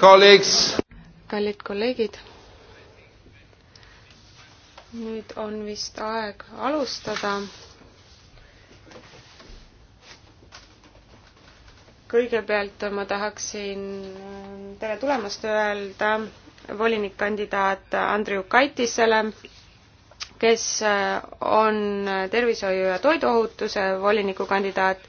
kallid kolleegid, nüüd on vist aeg alustada. kõigepealt ma tahaksin äh, tere tulemast öelda volinikkandidaat Andriu Kaitisele, kes äh, on tervishoiu ja toiduohutuse volinikukandidaat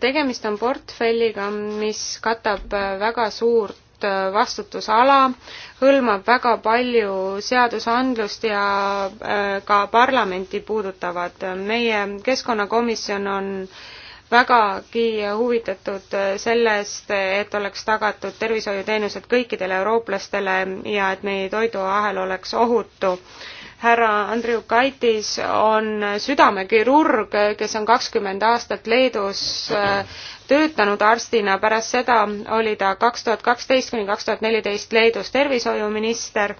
tegemist on portfelliga, mis katab äh, väga suurt äh, vastutusala, hõlmab väga palju seadusandlust ja äh, ka parlamenti puudutavad. meie keskkonnakomisjon on vägagi huvitatud sellest, et oleks tagatud tervishoiuteenused kõikidele eurooplastele ja et meie toiduahel oleks ohutu härra Andriu Kaitis on südamekirurg, kes on kakskümmend aastat Leedus äh, töötanud arstina, pärast seda oli ta kaks tuhat kaksteist kuni kaks tuhat neliteist Leedus tervishoiuminister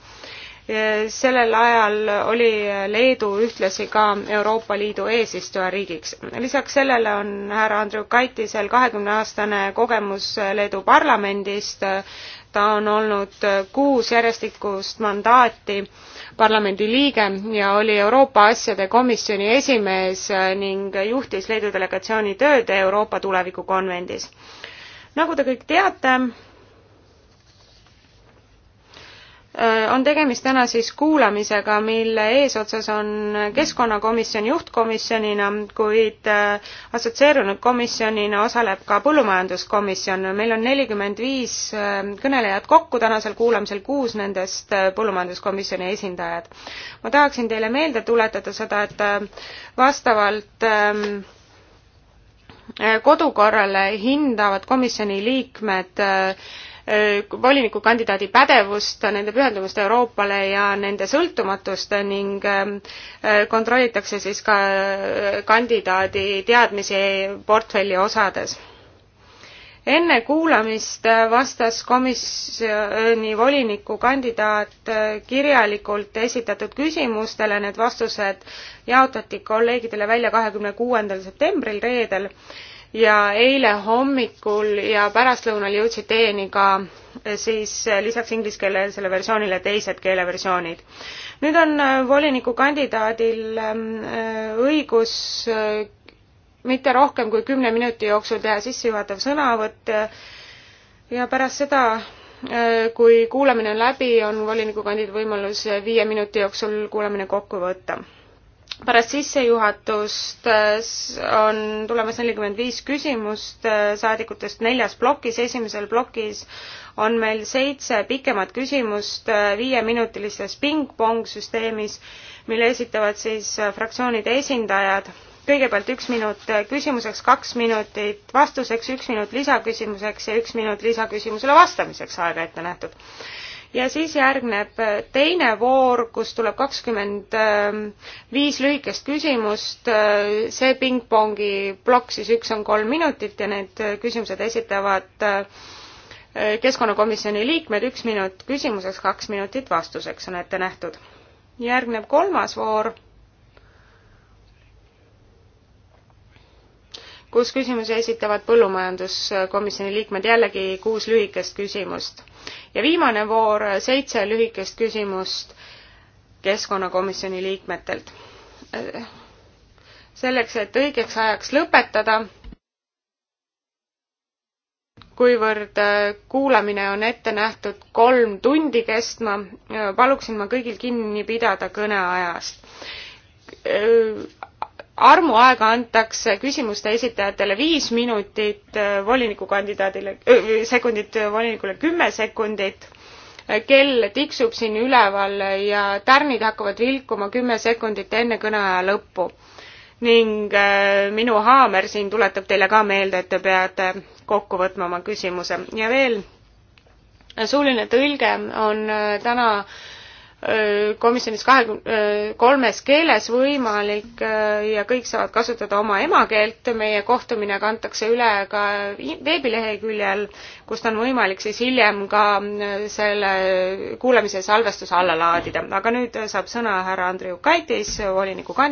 sellel ajal oli Leedu ühtlasi ka Euroopa Liidu eesistujariigiks. lisaks sellele on härra Andrew Kaitisel kahekümneaastane kogemus Leedu parlamendist, ta on olnud kuus järjestikust mandaati parlamendi liige ja oli Euroopa asjade komisjoni esimees ning juhtis Leedu delegatsiooni tööd Euroopa tulevikukonvendis. nagu te kõik teate, Äh, on tegemist täna siis kuulamisega, mille eesotsas on Keskkonnakomisjon juhtkomisjonina, kuid äh, assotsieerunud komisjonina osaleb ka Põllumajanduskomisjon. meil on nelikümmend viis äh, kõnelejat kokku tänasel kuulamisel, kuus nendest Põllumajanduskomisjoni esindajad. ma tahaksin teile meelde tuletada seda, et vastavalt ähm, kodukorrale hindavad komisjoni liikmed Äh, volinikukandidaadi pädevust, nende pühendumust Euroopale ja nende sõltumatust ning ähm, äh, kontrollitakse siis ka äh, kandidaadi teadmisi portfelli osades enne kuulamist vastas komisjoni volinikukandidaat kirjalikult esitatud küsimustele, need vastused jaotati kolleegidele välja kahekümne kuuendal septembril reedel ja eile hommikul ja pärastlõunal jõudsid teieni ka eh, siis eh, lisaks ingliskeelsele versioonile teised keeleversioonid. nüüd on eh, volinikukandidaadil ehm, õigus mitte rohkem kui kümne minuti jooksul teha sissejuhatav sõnavõtt ja pärast seda, kui kuulamine on läbi, on volinikukandidaat võimalus viie minuti jooksul kuulamine kokku võtta pärast sissejuhatust äh, on tulemas nelikümmend viis küsimust äh, saadikutest neljas plokis, esimesel plokis on meil seitse pikemat küsimust äh, viieminutilises pingpong süsteemis, mille esitavad siis fraktsioonide esindajad. kõigepealt üks minut küsimuseks, kaks minutit vastuseks, üks minut lisaküsimuseks ja üks minut lisaküsimusele vastamiseks aega ette nähtud ja siis järgneb teine voor, kus tuleb kakskümmend viis lühikest küsimust, see pingpongi plokk siis üks on kolm minutit ja need küsimused esitavad keskkonnakomisjoni liikmed, üks minut küsimuseks, kaks minutit vastuseks on ette nähtud. järgneb kolmas voor kus küsimusi esitavad põllumajanduskomisjoni liikmed, jällegi kuus lühikest küsimust. ja viimane voor, seitse lühikest küsimust keskkonnakomisjoni liikmetelt. selleks, et õigeks ajaks lõpetada, kuivõrd kuulamine on ette nähtud kolm tundi kestma, paluksin ma kõigil kinni pidada kõneajast armuaega antakse küsimuste esitajatele viis minutit, äh, volinikukandidaadile, äh, sekundit, äh, volinikule kümme sekundit. kell tiksub siin üleval ja tärnid hakkavad vilkuma kümme sekundit enne kõneaja lõppu. ning minu haamer siin tuletab teile ka meelde, et te peate kokku võtma oma küsimuse ja veel suuline tõlge on täna äh, komisjonis kahekümne kolmes keeles võimalik ja kõik saavad kasutada oma emakeelt. meie kohtumine kantakse üle ka veebileheküljel, kust on võimalik siis hiljem ka selle kuulamise salvestus alla laadida. aga nüüd saab sõna härra Andrei Ukaitis, voliniku kandidaat.